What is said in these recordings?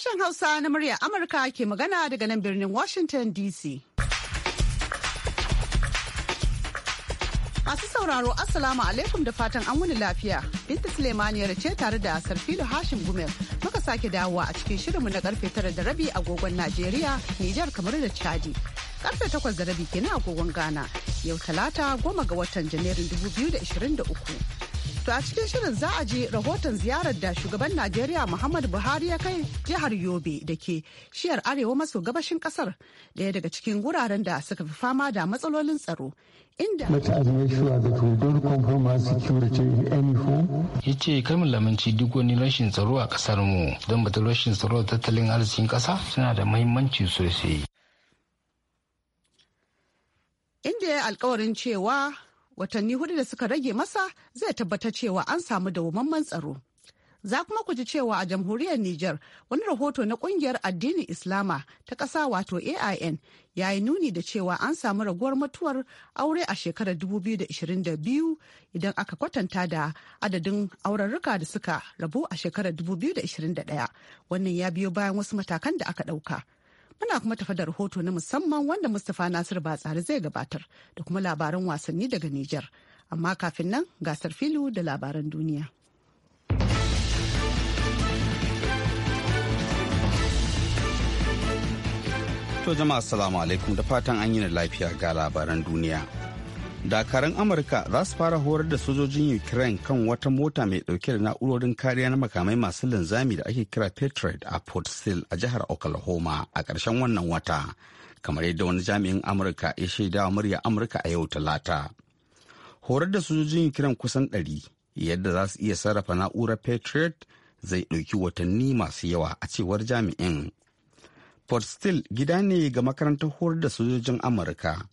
Sashen Hausa na murya Amurka ke magana daga nan birnin Washington DC. Masu sauraro Assalamu alaikum da fatan an wuni lafiya. Binta Sulemaniyar ce tare da Sarfilo Hashim Gumel muka sake dawowa a cikin shirinmu na karfe tara da rabi agogon Najeriya, Nijar kamar da Chadi. Karfe takwas da rabi kenan agogon Ghana. Yau talata goma ga watan Janairun 2023. To a cikin shirin za a ji rahoton ziyarar da shugaban Najeriya Muhammadu Buhari ya kai jihar Yobe da ke shiyar arewa maso gabashin kasar daya daga cikin wuraren da suka fi fama da matsalolin tsaro. Inda ya ce kar lamanci duk wani rashin tsaro a kasar mu don batun rashin tsaro da tattalin arzikin kasa suna da mahimmanci sosai. Inda ya alkawarin cewa watanni hudu da suka rage masa zai tabbatar cewa an samu dawwammamen tsaro za kuma ku ji cewa a jamhuriyar Nijar wani rahoto na kungiyar addinin Islama ta ƙasa wato AIN ya yi nuni da cewa an samu raguwar mutuwar aure a shekarar 2022 idan aka kwatanta da adadin aurarruka da suka rabu a shekarar 2021 wannan ya biyo bayan wasu matakan da aka ɗauka. Muna kuma tafa da rahoto na musamman wanda Mustapha Nasir Batsari zai gabatar da kuma labaran wasanni daga Nijar. Amma kafin nan gasar filu da labaran duniya. To jama'a assalamu alaikum da fatan an yi lafiya ga labaran duniya. dakaran amurka za su fara horar da sojojin ukraine kan wata mota mai dauke da na'urorin kariya na makamai masu linzami da ake kira patriot a port steel a jihar oklahoma a karshen wannan wata kamar yadda wani jami'in amurka ya shaida wa murya amurka a yau talata horar da sojojin ukraine kusan ɗari yadda za su iya sarrafa na'urar patriot zai ɗauki watanni masu yawa a cewar jami'in port still gida ne ga makarantar horar da sojojin amurka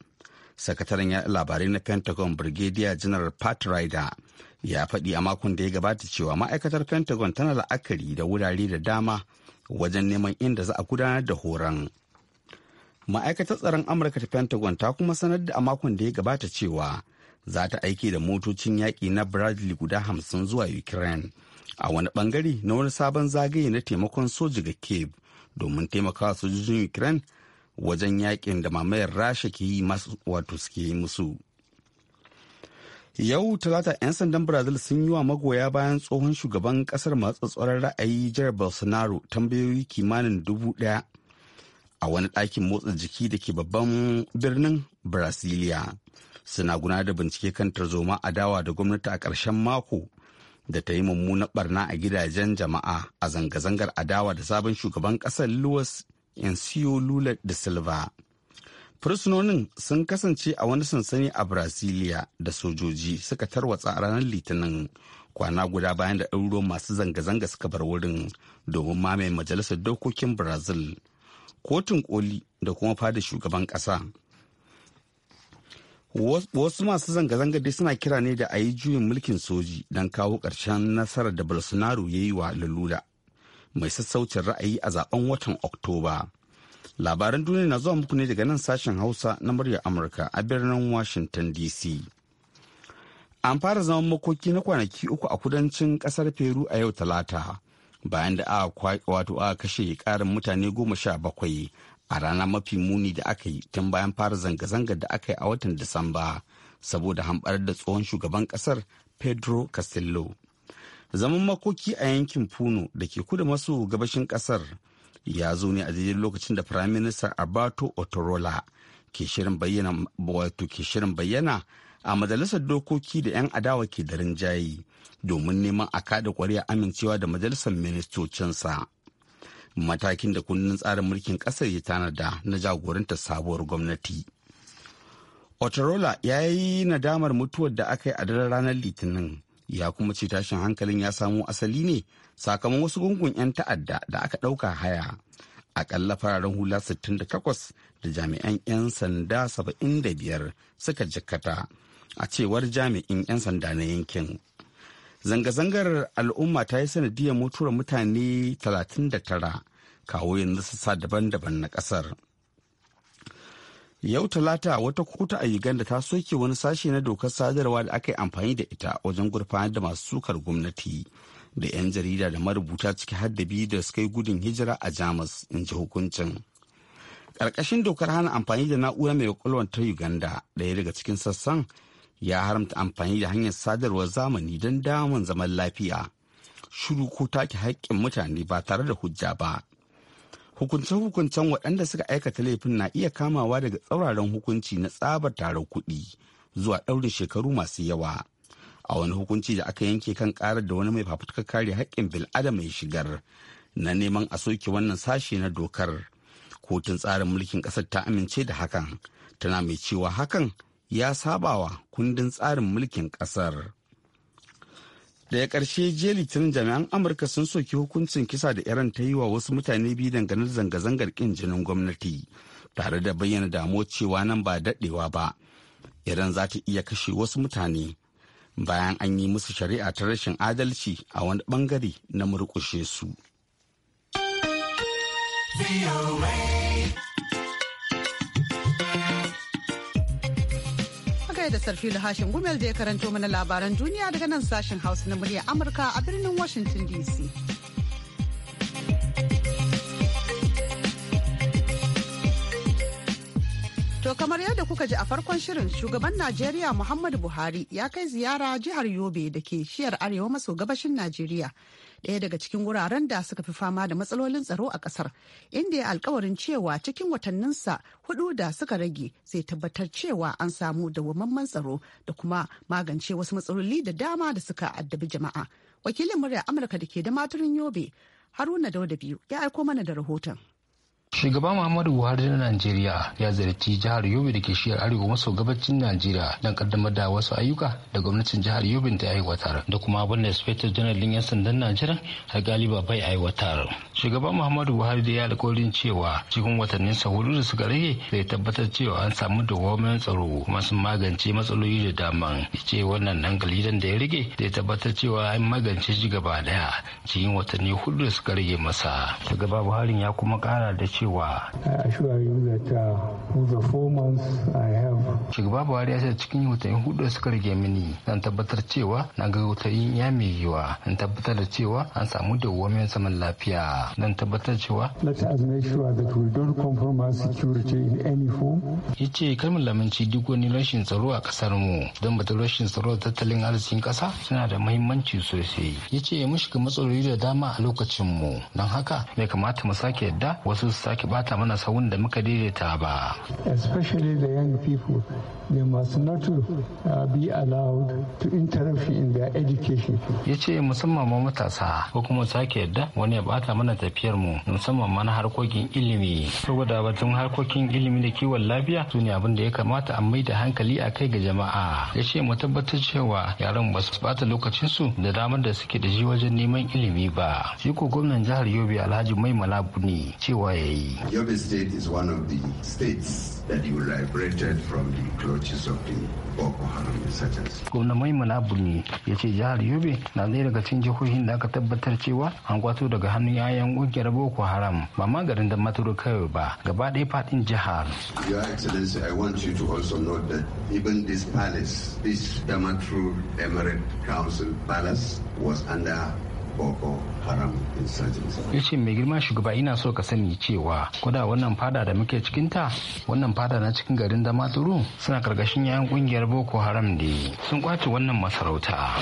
sakataren labarai na pentagon brigadier general pat ryder ya faɗi a makon da ya gabata cewa ma'aikatar pentagon tana la'akari da wurare da dama wajen neman inda za a gudanar da horon ma'aikatar tsaron amurka ta pentagon ta kuma sanar da a makon da ya gabata cewa za ta aiki da motocin yaƙi na bradley guda hamsin zuwa ukraine a wani bangare na wani sabon zagaye na taimakon soji ga Cape domin taimakawa sojojin ukraine wajen yakin da mamayar rasha ke yi wato suke yi musu yau talata 'yan sandan brazil sun yi wa magoya bayan tsohon shugaban kasar masu tsoron ra'ayi jihar bolsonaro tambayoyi kimanin dubu daya a wani ɗakin motsa jiki da ke babban birnin brasilia suna guna da bincike kan tarzoma adawa da gwamnati a ƙarshen mako da ta yi mummunar barna a gidajen jama'a a zanga-zangar adawa da sabon shugaban ƙasar luwas yansiyo Lula da Silva. Fursunonin sun kasance a wani sansani a Brasilia da sojoji suka tarwatsa a ranar Litinin kwana guda bayan da ɗauro masu zanga-zanga suka bar wurin domin mamaye majalisar dokokin Brazil, kotun koli da kuma fada shugaban ƙasa. Wasu masu zanga-zanga dai suna kira ne da a yi juyin mulkin soji don kawo ƙarshen nasarar da Bolsonaro ya yi wa Lula mai sassaucin ra'ayi a zaben watan oktoba labaran duniya na zuwa muku ne daga nan sashen hausa na muryar amurka a birnin washington dc an fara zaman makoki na kwanaki uku a kudancin kasar peru a yau talata bayan da aka wato aka kashe karin mutane goma sha bakwai a rana mafi muni da aka yi tun bayan fara zanga-zangar da aka yi a watan disamba saboda hambar da tsohon shugaban kasar pedro castillo zaman makoki a yankin puno da ke kudu maso gabashin kasar ya zo ne a daidai lokacin da prime minister abato otorola ke shirin bayyana wato ke shirin bayyana a majalisar dokoki da 'yan adawa ke da rinjaye domin neman a kada kwariya amincewa da majalisar ministocinsa matakin da kundin tsarin mulkin kasar ya tanada na jagoranta sabuwar gwamnati otorola ya yi nadamar mutuwar da aka yi a daren ranar litinin ya kuma ce tashin hankalin ya samo asali ne sakamakon wasu gungun 'yan ta'adda da aka ɗauka haya akalla fararen hula 68 da jami'an 'yan sanda 75 suka jikkata a cewar jami'in 'yan sanda na yankin zanga-zangar al'umma ta yi sanadiyar mutuwar mutane 39 kawo yanzu sassa daban-daban na ƙasar. Yau Talata wata kotu a Uganda ta soke wani sashe na dokar sadarwa da aka yi amfani da ita wajen gurfanar da masu sukar gwamnati da 'yan jarida da marubuta ciki haddabi da suka yi gudun hijira a Jamus in ji hukuncin. Ƙarƙashin dokar hana amfani da na'ura mai kwakwalwar ta Uganda ɗaya daga cikin sassan ya haramta amfani da hanyar sadarwar zamani don damun zaman lafiya. Shiru ko take haƙƙin mutane ba tare da hujja ba. hukunce-hukuncen waɗanda suka aikata laifin na iya kamawa daga tsauraran hukunci na tsabar tarar kuɗi zuwa ɗaurin shekaru masu yawa a wani hukunci da aka yanke kan ƙarar da wani mai fafutukar kare haƙƙin bil'adama mai shigar na neman a soke wannan sashe na dokar kotun tsarin mulkin ƙasar ta amince da hakan tana mai cewa hakan ya sabawa kundin tsarin mulkin ƙasar daya ƙarshe jiya litinin jami'an amurka sun soki hukuncin kisa da iran ta yi wa wasu mutane biyu dangane da zanga-zangar ƙin jinin gwamnati tare da bayyana damuwa cewa nan ba daɗewa ba iran za ta iya kashe wasu mutane bayan an yi musu shari'a ta rashin adalci a wani ɓangare na murƙushe su. tare da sarfi Hashin Gumel da ya karanto mana labaran duniya daga nan sashen Hausa na muryar Amurka a birnin Washington DC. To kamar yadda kuka ji a farkon shirin shugaban Najeriya Muhammadu Buhari ya kai ziyara jihar Yobe da ke shiyar arewa maso gabashin Najeriya daya daga cikin wuraren da suka fi fama da matsalolin tsaro a ƙasar inda ya alkawarin cewa cikin watanninsa hudu da suka rage zai tabbatar cewa an samu dawwammamen tsaro da kuma magance wasu matsaloli da dama da suka addabi jama'a wakilin murya amurka da ke da maturin yobe haruna dauda biyu ya aiko mana da rahoton Shugaba Muhammadu Buhari na Najeriya ya ziyarci jihar Yobe da ke shiyar arewa maso gabacin Najeriya don kaddamar da wasu ayyuka da gwamnatin jihar Yobe ta aiwatar da kuma abin da Inspector General din 'yan sandan Najeriya har galiba bai aiwatar. Shugaba Muhammadu Buhari da ya alkawarin cewa cikin watannin sa hudu da suka rage zai tabbatar cewa an samu dawwamen tsaro kuma sun magance matsaloli da dama. ce wannan dan galidan da ya rage zai tabbatar cewa an magance shi gaba daya cikin watanni hudu da suka rage masa. Shugaba Buhari ya kuma kara da cewa I assure you that uh, the four months I have shugaba buhari ya ce cikin watanni hudu da suka rage mini zan tabbatar cewa na ga yin ya mai yiwa in tabbatar da cewa an samu dawwamin saman lafiya don tabbatar cewa ya ce kalmar lamunci duk wani rashin tsaro a kasar mu don bata rashin tsaro da tattalin arzikin kasa suna da mahimmanci sosai Ya yace mu shiga matsaloli da dama a lokacin mu don haka bai kamata mu sake yadda wasu su sake bata mana sawun da muka daidaita ba especially the young people they must not uh, be allowed to interfere in their education. Ya ce musamman ma matasa ko kuma sake yadda wani ya bata mana tafiyar mu musamman ma na harkokin ilimi. Saboda batun harkokin ilimi da kiwon lafiya su ne abin da ya kamata a mai da hankali a kai ga jama'a. Ya ce mu tabbatar cewa yaran ba su bata lokacin su da damar da suke da shi wajen neman ilimi ba. Shi ko gwamnan jihar Yobe Alhaji Mai ne cewa yayi. Yobe state is one of the states that you liberated from the clutches of the Boko Haram insurgents. Gwamna Maimuna Burni ya ce jihar Yobe na ɗaya daga cikin jihohin da aka tabbatar cewa an kwato daga hannun yayan ƙungiyar Boko Haram ba ma garin da Maturu kawai ba gaba ɗaya faɗin jihar. Your Excellency, I want you to also note that even this palace, this Damaturu Emirate Council Palace was under Boko yace ya ce mai girma shugaba ina so ka sani cewa koda wannan fada da muke cikinta wannan fada na cikin garin da maturu suna karkashin yayan kungiyar boko haram ne sun kwace wannan masarauta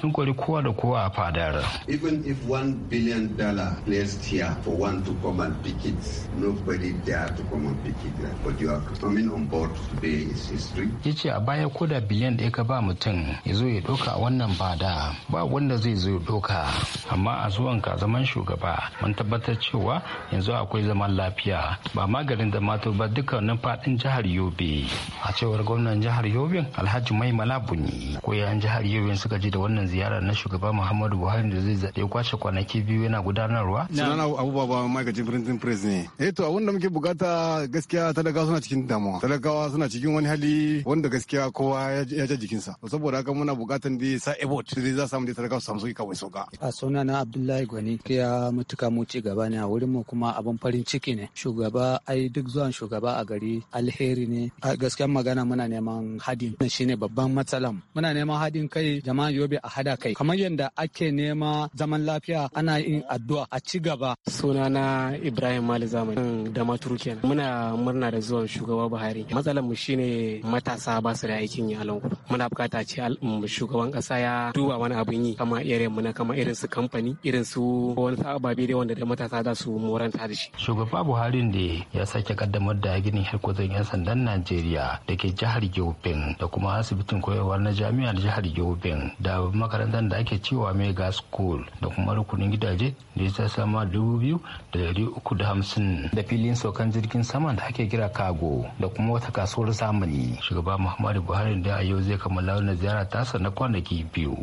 sun kori kowa da kowa a fadar even if one billion dollar placed here for one to come and pick it nobody dare to come and pick it but you are coming on board today is history ya a baya koda biliyan ɗaya ka ba mutum ya zo ya doka wannan fada ba wanda zai zo ya doka amma a zuwan ka zaman shugaba mun tabbatar cewa yanzu akwai zaman lafiya ba maganin da mato ba dukkanin fadin jihar yobe a cewar gwamnan jihar yobe alhaji mai malabuni ko yayan jihar yobe suka ji da wannan ziyara na shugaba muhammadu buhari da zai zaɗe kwashe kwanaki biyu yana gudanarwa sunana abubakar ma'aikacin printing press ne eh to abin da muke bukata gaskiya talakawa suna cikin damuwa talakawa suna cikin wani hali wanda gaskiya kowa ya ja jikinsa saboda haka muna bukatan da sa ebot da za samu da talakawa su samu sauki kawai sauka a sunana abdullahi alhamdulillah gwani ya mutuka mu ci gaba ne a wurin mu kuma abin farin ciki ne shugaba ai duk zuwan shugaba a gari alheri ne a gaskiyar magana muna neman hadin shine babban matsalan muna neman hadin kai jama'a yobe a hada kai kamar yadda ake nema zaman lafiya ana yin addu'a a ci gaba sunana ibrahim mali zamani da maturu kenan muna murna da zuwan shugaba buhari matsalan mu shine matasa ba su da aikin yi a muna bukata ce mm, shugaban kasa ya duba wani abin yi kama irin mu na kama irin su kamfani irin irin su wani ababe dai wanda da matasa za su moranta da shi. Shugaba Buhari ne ya sake kaddamar da ginin harkokin 'yan sandan Najeriya da ke jihar Yobin da kuma asibitin koyarwa na jami'ar jihar Yobin da makarantar da ake cewa Mega School da kuma rukunin gidaje da ya sama dubu biyu da dari uku da hamsin da filin saukan jirgin sama da ake kira Kago da kuma wata kasuwar zamani. Shugaba Muhammadu Buhari da a yau zai kammala wani ziyara tasa na kwanaki biyu.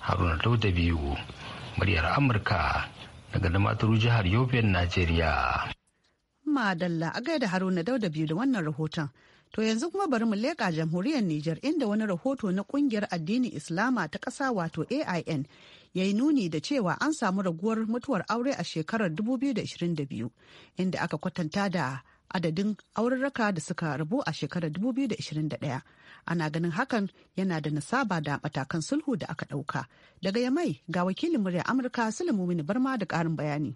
Haruna Dauda biyu muryar amurka daga damaturu jihar yobin najeriya madalla a gaida haruna dauda biyu da wannan rahoton to yanzu kuma bari mu leƙa jamhuriyar Nijar, inda wani rahoto na kungiyar addinin islama ta ƙasa wato ain ya yi nuni da cewa an samu raguwar mutuwar aure a shekarar 2022 inda aka kwatanta da adadin aurarraka da suka rabu a shekarar 2021 ana ganin hakan yana da nasaba da matakan sulhu da aka ɗauka daga yamai ga wakilin murya amurka sulamumin barma da karin bayani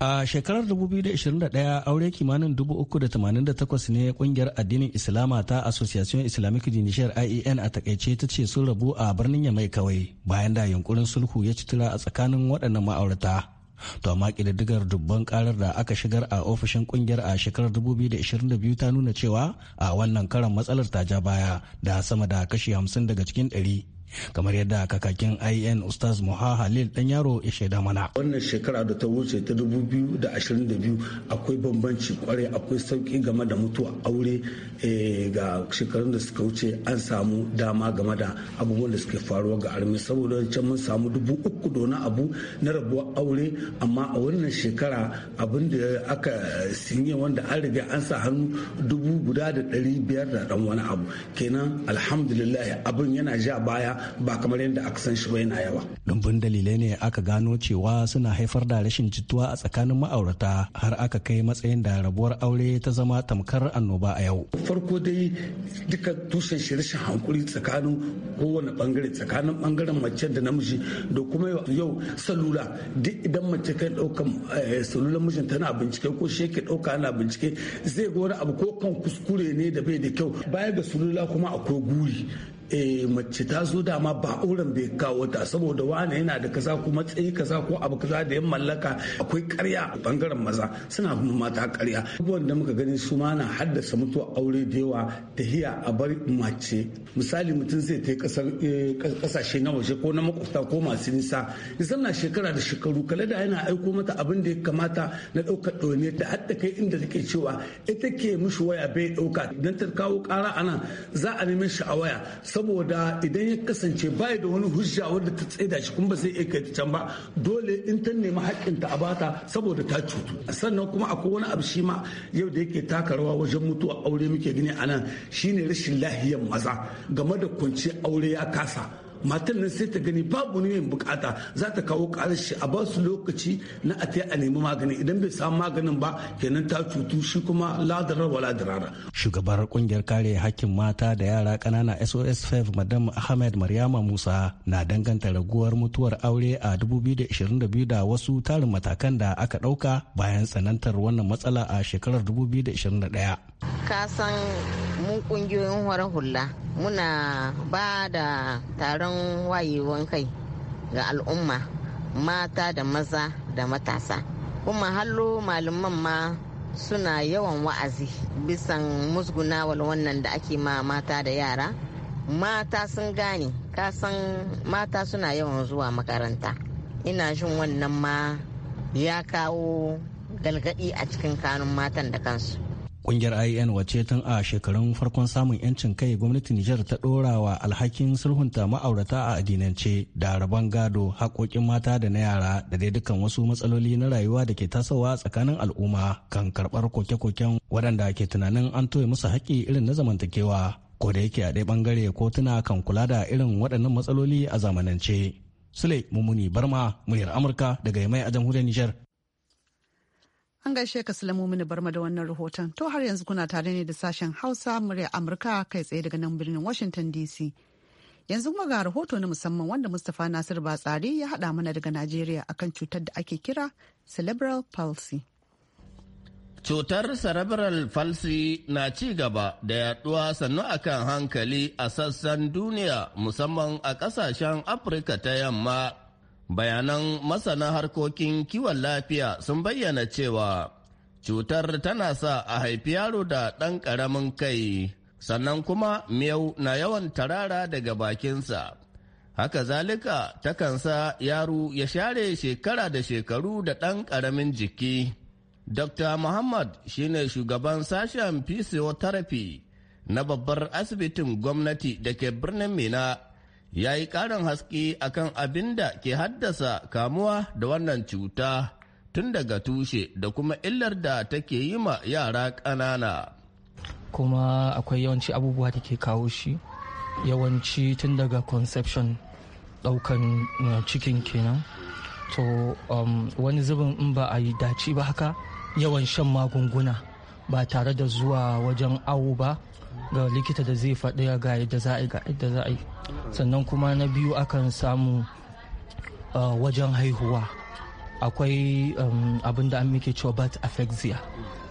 a shekarar 2021 aure kimanin 388 ne kungiyar addinin islama ta association islamic dinishiyar ien a takaice ta ce sun rabu a birnin yamai kawai bayan da yunkurin sulhu ya ci tura a tsakanin waɗannan ma'aurata to amma kididdigar dubban karar da aka shigar a ofishin kungiyar a shekarar 2022 ta nuna cewa a wannan karan matsalar ta ja baya da sama da kashi 50 daga cikin 100 kamar yadda kakakin in ustaz muha halil dan yaro ya shaida mana wannan shekara da ta wuce ta 2022 akwai bambanci kwarai akwai sauki game da mutuwa aure eh, ga shekarun da suka wuce an samu dama game da abubuwan da suke faruwa ga armi saboda can mun samu dubu uku dona abu na rabuwar aure amma a wannan shekara abin da aka sinye wanda an riga an sa hannu dubu guda da ɗari biyar da ɗan wani abu kenan alhamdulillah abin yana ja baya ba kamar yadda aka san shi ba yana yawa. Dumbin dalilai ne aka gano cewa suna haifar da rashin jituwa a tsakanin ma'aurata har aka kai matsayin da rabuwar aure ta zama tamkar annoba a yau. Farko dai duka tushen shi rashin hankuri tsakanin kowane bangare tsakanin bangaren mace da namiji da kuma yau salula duk idan mace kan ɗaukan eh, salula mijin tana bincike ko shi ɗauka ana bincike zai ga wani abu ko kan kuskure ne da bai da kyau baya ga sulula kuma akwai guri Eh, mace ta zo dama ba auren bai kawo ta saboda wani yana da kaza ko matsayi kaza ko abu kaza da yan mallaka akwai karya bangaren maza suna kuma mata karya abubuwan da muka gani su na haddasa mutuwa aure da yawa da hiya a bar mace misali mutum zai ta kasashe eh, na waje ko na makwabta ko masu nisa nisan na shekara da shekaru kala da yana aiko mata abin da ya kamata na ɗaukar ɗaune ta hadda kai inda take cewa ita ke mishi waya bai ɗauka idan ta kawo ƙara a nan za a neme shi a waya saboda idan ya kasance bai da wani hujja wadda ta tsaida shi kuma ba zai iya kai can ba dole in ta nemi haƙƙin ta a bata saboda ta cutu sannan kuma akwai wani abu shi ma yau da yake taka rawa wajen mutuwa aure muke gani anan shine rashin lahiyan maza game da kwanciyar aure ya kasa matar nan sai ta gani babu ne mai bukata za ta kawo karashi a ba su lokaci na a a nemi magani idan bai samu maganin ba kenan ta cutu shi kuma ladarar wa ladarara. shugabar kungiyar kare hakkin mata da yara kanana sos 5 madam ahmed maryama musa na danganta raguwar mutuwar aure a 2022 da wasu tarin matakan da aka dauka bayan tsanantar wannan matsala a shekarar 2021 ka san mu kungiyoyin horon hula muna ba da taron wayewan kai ga al'umma mata da maza da matasa kuma hallo malaman ma suna yawan wa'azi bisan musgunawar wannan da ake ma mata da yara mata sun gane kasan mata suna yawan zuwa makaranta ina jin wannan ma ya kawo galgadi a cikin kanun matan da kansu Kungiyar IAN wace tun a shekarun farkon samun 'yancin kai gwamnatin Nijar ta ɗora wa alhakin sulhunta ma'aurata a addinance da rabon gado haƙoƙin mata da na yara da dai dukkan wasu matsaloli na rayuwa da ke tasowa tsakanin al'umma kan karɓar koke-koken waɗanda ke tunanin an toye musu haƙƙi irin na zamantakewa. Ko da yake a ɗaya ɓangare kotuna kan kula da irin waɗannan matsaloli a zamanance. Sule Mumuni Barma, muryar Amurka daga Yamai a jamhuriyar Nijar. An gaishe ka salamu mini barma da wannan rahoton. To har yanzu kuna tare ne da sashen Hausa murya Amurka kai tsaye daga nan birnin Washington DC. Yanzu kuma ga rahoto na musamman wanda Mustapha Nasir Batsari ya hada mana daga Najeriya akan cutar da ake kira cerebral palsy. Cutar cerebral palsy na ci gaba da yaduwa sannu kan hankali a sassan duniya musamman a ƙasashen Afirka ta yamma Bayanan masana harkokin kiwon lafiya sun bayyana cewa cutar tana sa a haifi yaro da ɗan ƙaramin kai, sannan kuma miyau na yawan tarara daga bakinsa. Haka zalika takan sa yaro ya share shekara da shekaru da ɗan ƙaramin jiki. Dr. Muhammad shine shugaban sashen physiotherapy na babbar asibitin gwamnati da ke birnin Mina ya yi ƙarin haske akan abin da ke haddasa kamuwa da wannan cuta tun daga tushe da kuma illar da take yi ma yara ƙanana. kuma akwai yawanci abubuwa da ke kawo shi yawanci tun daga conception ɗaukan eh, cikin kenan to um, wani zubin in ba a yi dace ba haka yawan shan magunguna ba tare da zuwa wajen awo ba ga likita da zai faɗi ga yadda za a ga yadda za a sannan kuma na biyu akan samu wajen haihuwa akwai um, abin da an muke cewa bat aphexia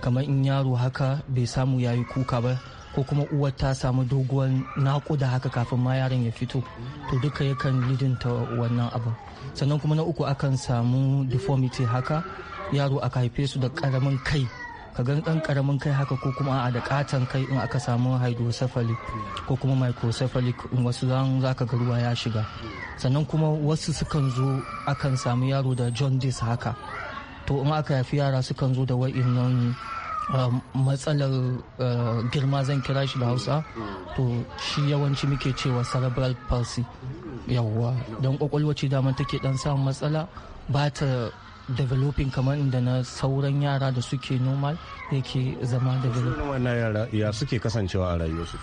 kamar in yaro haka bai samu yayi kuka ba ko kuma uwar ta samu doguwan nakuda haka kafin ma yaron ya fito to duka yakan lidinta wannan abin sannan kuma na uku akan samu deformity haka yaro aka haife su da karamin kai ka gan ɗan karamin kai haka ko kuma a da katan kai in aka samu hydrocephalic ko kuma microcephalic in wasu zan zaka ga ruwa ya shiga sannan kuma wasu sukan zo akan samu yaro da jaundice haka to in aka haifi yara sukan zo da wa'innan um, matsalar uh, girma zan kira shi da hausa to shi yawanci muke cewa cerebral palsy yawwa don kwakwalwa ce take dan samun matsala ba ta developing kamar inda na sauran yara da suke normal yake zama developing wannan yara ya suke kasancewa a rayuwar su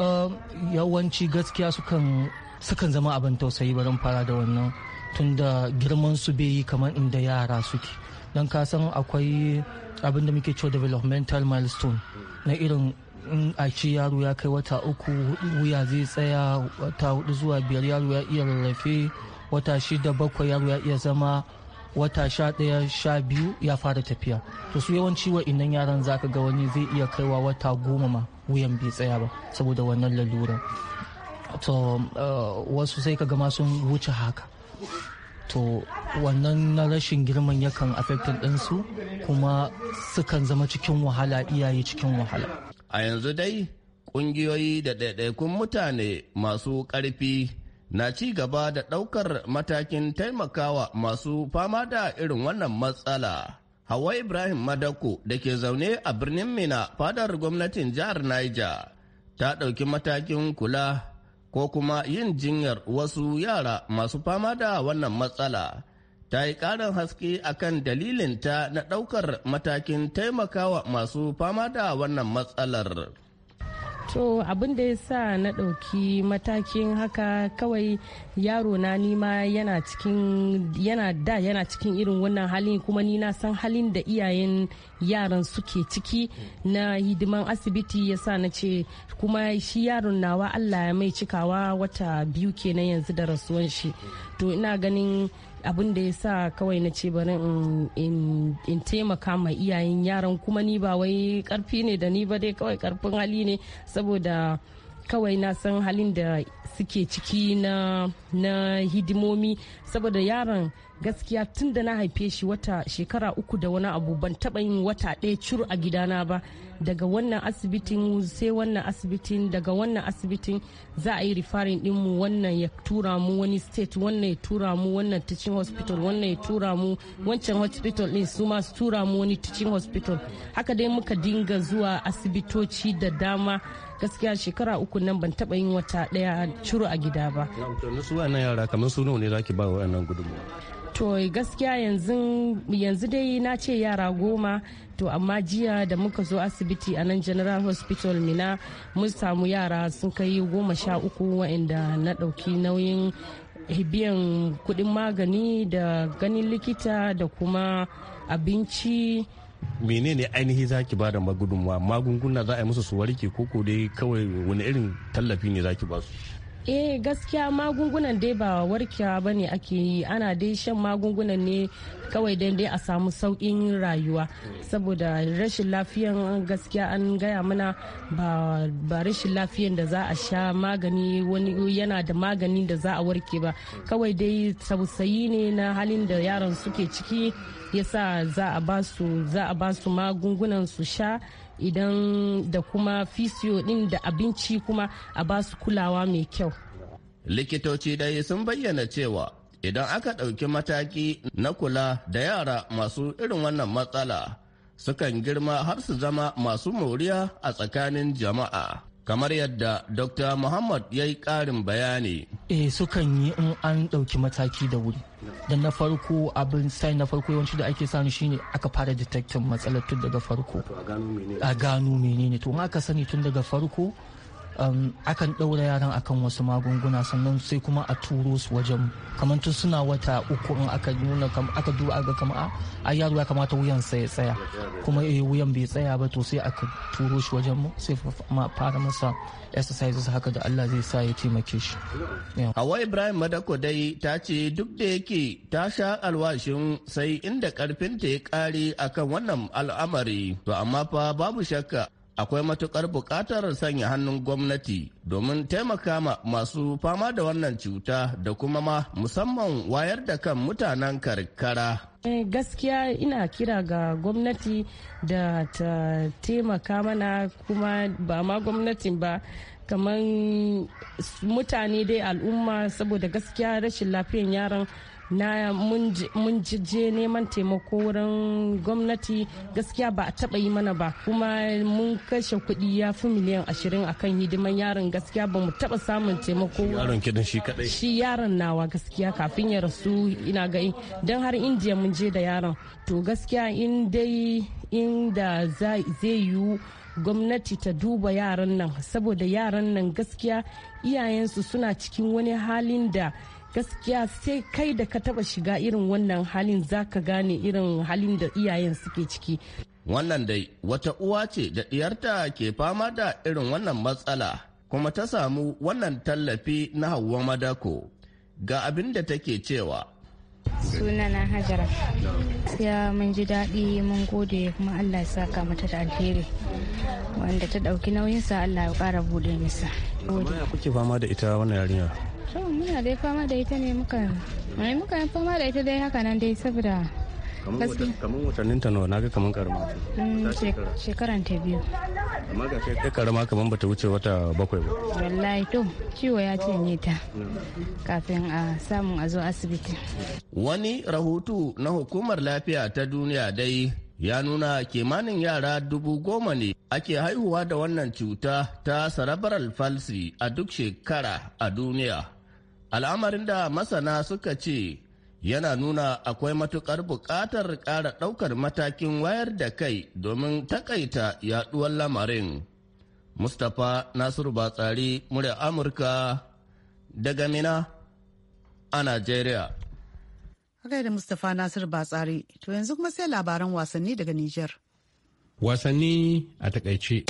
um, yawanci gaskiya sukan sukan zama abin tausayi barin fara da wannan tunda girman su bai yi kamar inda yara suke don ka san akwai abin da muke cewa developmental milestone na irin in a ce yaro ya kai wata uku wuya zai tsaya wata hudu zuwa biyar yaro ya iya rarrafe wata shida bakwai yaro ya iya zama wata sha ɗaya sha biyu ya fara tafiya to su yawanci wa inan yaran zaka ga wani zai iya kaiwa wata goma ma wuyan bai tsaya ba saboda wannan laluran to eh, wasu sai ka gama sun wuce haka to wannan na rashin girman yakan affectin ɗinsu kuma sukan zama cikin wahala iyaye cikin wahala a yanzu dai ƙungiyoyi da ɗaiɗaikun mutane masu ƙarfi na ci gaba da ɗaukar matakin taimakawa masu fama da irin wannan matsala. Hawa Ibrahim Madako da ke zaune a birnin Mina fadar gwamnatin jihar Niger ta ɗauki matakin kula ko kuma yin jinyar wasu yara masu fama da wannan matsala. Ta yi ƙarin haske a kan dalilinta na ɗaukar matakin taimakawa masu fama da wannan matsalar. to abin da ya sa na ɗauki matakin haka kawai yaro na nima yana cikin yana da yana cikin irin wannan halin kuma ni na san halin da iyayen yaran suke ciki na hidiman asibiti ya sa na ce kuma shi yaron nawa allah ya mai cikawa wata biyu kenan yanzu da rasuwan shi to ina ganin abin da ya sa kawai na ce bari in taimaka ma iyayen yaran kuma ni ba wai karfi ne da ni ba dai kawai karfin hali ne saboda kawai na san halin da suke ciki na, na hidimomi saboda yaron gaskiya tun da na haife shi wata shekara uku da wani abu ban taɓa yin wata ɗaya cur a gidana ba daga wannan asibitin sai wannan asibitin daga wannan asibitin za a yi rifarin mu wannan ya tura mu wani state wannan ya tura mu wannan teaching hospital wannan ya tura mu wancan hospital din su ma su tura mu wani teaching hospital haka dai muka dinga zuwa asibitoci da dama gaskiya shekara uku nan ban taba yin wata daya shiru a gida ba na yara kamar su nawa ne zaki wannan gudunmawa to gaskiya yanzu dai na ce yara goma to amma jiya da muka zo asibiti a nan general hospital mina mun samu yara sun kai goma sha uku wa'inda na ɗauki nauyin biyan kudin magani da ganin likita da kuma abinci menene ainihi za ki ba da magudunwa magunguna za a yi musu su warke ko dai kawai wani irin tallafi ne za ki ba su eh gaskiya magungunan dai ba warkewa ba ne ake yi ana dai shan magungunan ne kawai don dai a samu saukin rayuwa saboda rashin lafiyan gaskiya an gaya mana ba, rashin lafiyan da za a sha magani wani yana da magani da za a warke ba kawai dai tausayi ne na halin da yaran suke ciki yasa za a ba su za a ba su magungunan su sha idan da kuma fisiyo din da abinci kuma a ba su kulawa mai kyau likitoci dai sun bayyana cewa idan aka ɗauki mataki na kula da yara masu irin wannan matsala sukan girma har su zama masu moriya a tsakanin jama'a kamar yadda dr muhammad ya yi karin bayani eh sukan yi in an ɗauki mataki da wuri da na farko abin sai na farko yawanci da ake sani shine aka fara detectin matsalar tun daga farko a gano menene to aka sani tun daga farko akan ɗaura yaran akan wasu magunguna sannan sai kuma a turo su wajen kamar tun suna wata uku in aka nuna aka duba aga kama a ah, yaro ya kamata wuyan sai ya tsaya kuma eh wuyan bai tsaya ba to sai aka turo shi wajen mu sai fara masa exercises haka da Allah zai sa ya taimake shi. Hawa Ibrahim Madako dai ta ce duk da yake ta sha alwashin sai inda ta ya kare akan wannan al'amari to amma fa babu shakka akwai matukar bukatar sanya hannun gwamnati domin taimaka ma masu fama da wannan cuta da kuma ma musamman wayar da kan mutanen karkara. Eh, gaskiya ina kira ga gwamnati da ta taimaka mana kuma ba ma gwamnatin ba kamar mutane dai al'umma saboda gaskiya rashin lafiyan yaran na mun je neman taimako wurin gwamnati gaskiya ba a taba yi mana ba kuma mun kashe kuɗi ya fi miliyan ashirin akan hidiman yaron gaskiya ba mu taba samun taimako yaron shi kadai yaron nawa gaskiya kafin ya rasu ina ga don har indiya mun je da yaron to gaskiya in dai inda zai yiwu gwamnati ta duba yaran nan saboda yaran nan gaskiya iyayensu suna cikin wani halin da gaskiya sai kai da ka taba shiga irin wannan halin zaka gane irin halin da iyayen suke ciki wannan dai wata uwa ce da diyarta ke fama da irin wannan matsala kuma ta samu wannan tallafi na hauwa madako ga abin da take cewa sunana hajara ya mun ji daɗi mun gode kuma allah ya saka mata da alheri wanda ta ɗauki nauyinsa allah ya ƙara bude misa kuke fama da ita wannan yarinya to muna dai fama da ita ne muka mai muka fama da ita dai haka nan dai saboda kamar watannin mm, ta nawa naga kamar karama ce. shekaran ta biyu amma ga kai karama kamar bata wuce wata bakwai ba wallahi to ciwo ya cinye ta kafin a samu a zo asibiti wani rahoto na hukumar lafiya ta duniya dai ya nuna kimanin yara dubu goma ne ake haihuwa da wannan cuta ta cerebral palsy a duk shekara a duniya al'amarin da masana suka ce yana nuna akwai matukar buƙatar ƙara ɗaukar matakin wayar da kai domin takaita yaɗuwar lamarin. Mustapha Nasiru Batsari murya Amurka daga Mina a Najeriya. Haka da Mustapha Nasiru Batsari, to yanzu kuma sai labaran wasanni daga Nijar. Wasanni a takaice.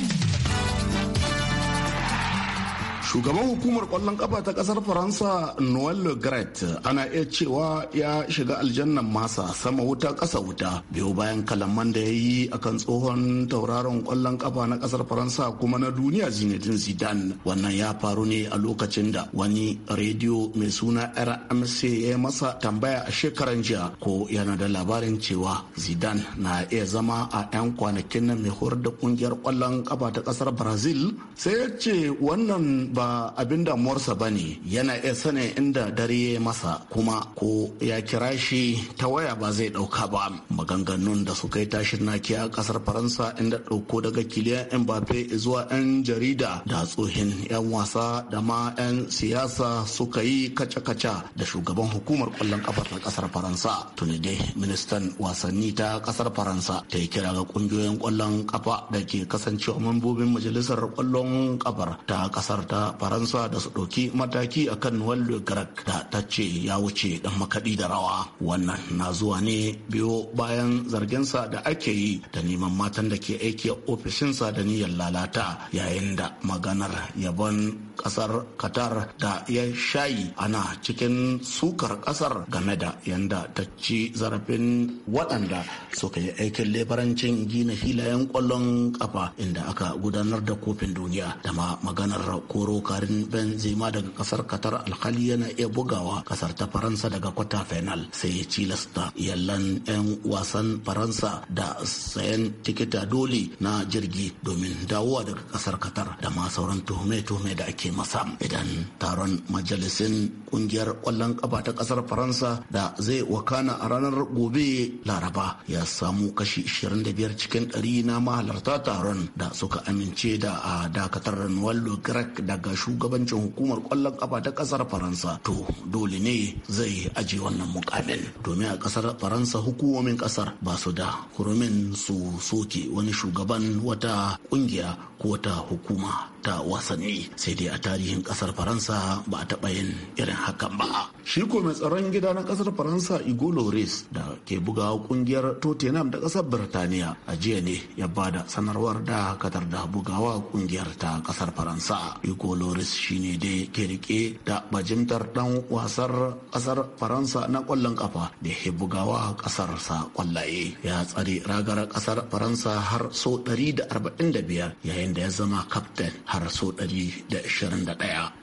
shugaban hukumar kwallon kafa ta kasar faransa noel le gret ana iya cewa ya shiga aljannan masa sama wuta kasa wuta biyu bayan kalaman da ya yi akan tsohon tauraron kwallon kafa na kasar faransa kuma na duniya zinedine zidane wannan ya faru ne a lokacin da wani rediyo mai suna rmc ya yi masa tambaya a shekaran jiya ko yana da labarin cewa zidane na iya zama a 'yan kwanakin nan mai horar da kungiyar kwallon kafa ta kasar brazil sai ya ce wannan ba abin damuwarsa ba ne yana iya sanin inda dare ya masa kuma ko ya kira shi ta waya ba zai ɗauka ba maganganun da suka yi tashin naki a ƙasar faransa inda ɗauko daga kiliyan bafe zuwa 'yan jarida da tsohin 'yan wasa da ma 'yan siyasa suka yi kaca-kaca da shugaban hukumar ƙwallon ƙafar ta ƙasar faransa tuni dai ministan wasanni ta ƙasar faransa ta yi kira ga ƙungiyoyin ƙwallon ƙafa da ke kasancewa mambobin majalisar ƙwallon ƙafar ta ƙasar ta faransa da su ɗauki mataki akan wallo garak da ta ce ya wuce dan makaɗi da rawa wannan na zuwa ne biyo bayan zarginsa da ake yi da neman matan da ke aiki a ofishinsa da niyyar lalata yayin da maganar yabon kasar qatar da ya shayi ana cikin sukar kasar game da yanda ta ci zarafin waɗanda suka yi aikin lebarancin gina hilayen ƙwallon kafa inda aka gudanar da kofin duniya da ma maganar koro yaro karin benzema daga kasar katar alhali yana iya bugawa kasar ta faransa daga kwata final sai ya cilasta yallan 'yan wasan faransa da sayan tikita dole na jirgi domin dawowa daga kasar katar da ma sauran tuhume-tuhume da ake masa idan taron majalisin kungiyar kwallon kafa ta kasar faransa da zai wakana a ranar gobe laraba ya samu kashi 25 cikin 100 na mahalarta taron da suka amince da a dakatar Ronaldo Greg daga daga shugabancin hukumar kwallon kafa ta kasar faransa to dole ne zai aje wannan mukamin domin a kasar faransa hukumomin kasar ba su da kurumin su soke wani shugaban wata kungiya ko wata hukuma ta wasanni sai dai a tarihin kasar faransa ba a taɓa yin irin hakan ba shi ko mai tsaron gida na kasar faransa igo loris da ke bugawa kungiyar tottenham da kasar birtaniya a jiya ne ya bada sanarwar da katar da bugawa kungiyar ta kasar faransa igo Loris shine dai ke rike da bajimtar dan wasar kasar Faransa na kwallon kafa da ya bugawa sa kwallaye ya tsare ragar kasar Faransa har so 145 yayin da ya zama kaftan har so 121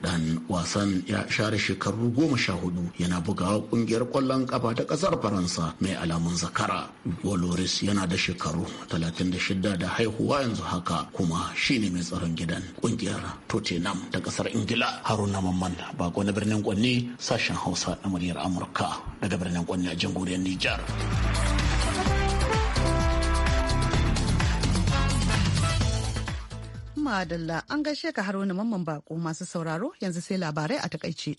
dan wasan ya share shekaru goma sha hudu yana bugawa kungiyar kwallon kafa ta kasar Faransa mai alamun zakara Loris yana da shekaru 36 da haihuwa yanzu haka kuma shine mai tsaron gidan kungiyar Tottenham da kasar ingila haruna mamman bako na birnin kwanne sashen hausa na muryar amurka daga birnin kwanne a jamhuriyar nijar madalla an gaishe ka haruna mamman bako masu sauraro yanzu sai labarai a takaice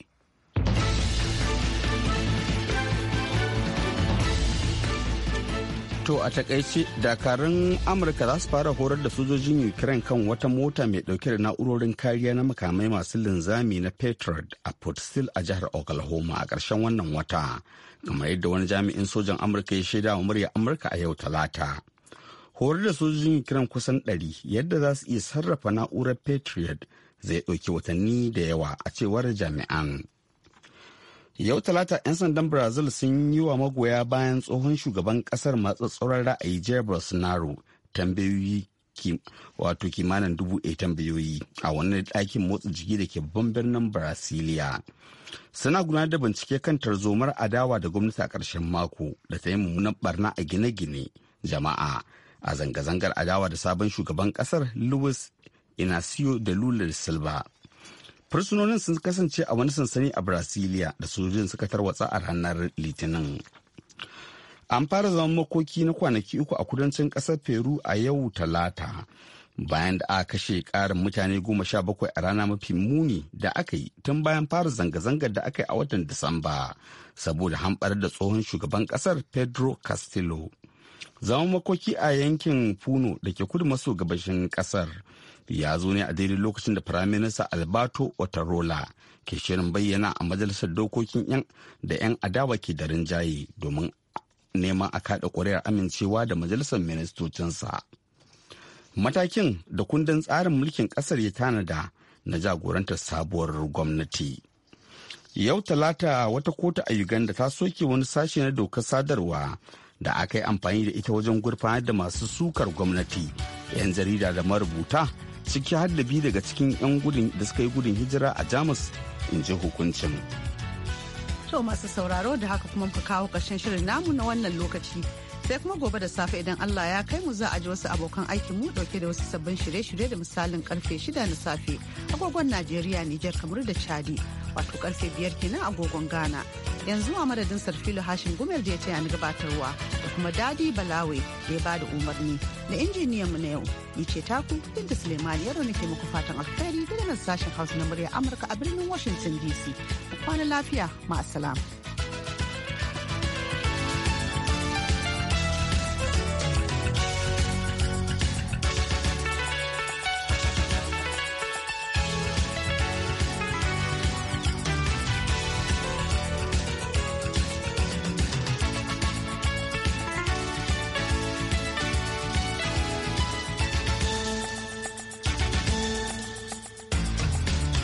To a takaice dakarun Amurka za su fara horar da sojojin Ukraine kan wata mota mai dauke da na'urorin kariya na makamai masu linzami na petrod a Port Still a jihar Oklahoma a ƙarshen wannan wata. Kamar yadda wani jami'in sojan Amurka ya shaida wa murya Amurka a yau Talata. Horar da sojojin Ukraine kusan ɗari yadda za su iya sarrafa na'urar Patriot zai ɗauki watanni da yawa a cewar jami'an. Yau talata 'yan sandan Brazil sun yi wa magoya bayan tsohon shugaban kasar tsoron ra'ayi Jair Bolsonaro tambayoyi wato kimanin dubu ɗaya tambayoyi a wani ɗakin motsa jiki da ke babban birnin Brasilia. Suna gudanar da bincike kan tarzomar adawa da gwamnati a ƙarshen mako da ta yi mummunan barna a gine-gine jama'a a zanga-zangar adawa da sabon shugaban kasar louis Inacio da Lula da Silva. Fursunonin sun kasance a wani sansani a Brasilia da sojojin suka tarwatsa a ranar Litinin. An fara zaman makoki na kwanaki uku a kudancin kasar Peru a yau Talata. Bayan da aka kashe karin mutane goma sha bakwai a rana mafi muni da aka yi tun bayan fara zanga-zangar da aka yi a watan Disamba saboda hamɓar da tsohon shugaban kasar Pedro Castillo. Zaman makoki a yankin Puno da ke kudu maso gabashin kasar. ya zo ne a daidai lokacin da firaminista alberto watarola ke shirin bayyana a majalisar dokokin yan da 'yan adawa ke da rinjaye domin neman a kada ƙuri'ar amincewa da majalisar ministocinsa matakin da kundin tsarin mulkin ƙasar ya tanada na jagorantar sabuwar gwamnati yau talata wata kotu a uganda ta soke wani sashe na dokar sadarwa da aka yi amfani da ita wajen gurfanar da masu sukar gwamnati 'yan jarida da marubuta ciki har da biyu daga cikin 'yan gudun da suka yi gudun hijira a jamus in ji hukuncin to masu sauraro da haka kuma muka kawo ƙarshen shirin namu na wannan lokaci sai kuma gobe da safe idan Allah ya kai mu za a ji wasu abokan aikin mu dauke da wasu sabbin shirye-shirye da misalin karfe shida na safe agogon Najeriya Nijar kamar da Chadi wato karfe biyar kenan agogon Ghana yanzu a madadin sarfilu Hashim Gumel da ya ce ni gabatarwa da kuma Dadi Balawe da ya bada umarni da injiniyan mu na yau ni ce taku Binta Suleimani yaro nake muku fatan alheri da nan sashen Hausa na murya Amurka a birnin Washington DC kwana lafiya ma'asalam.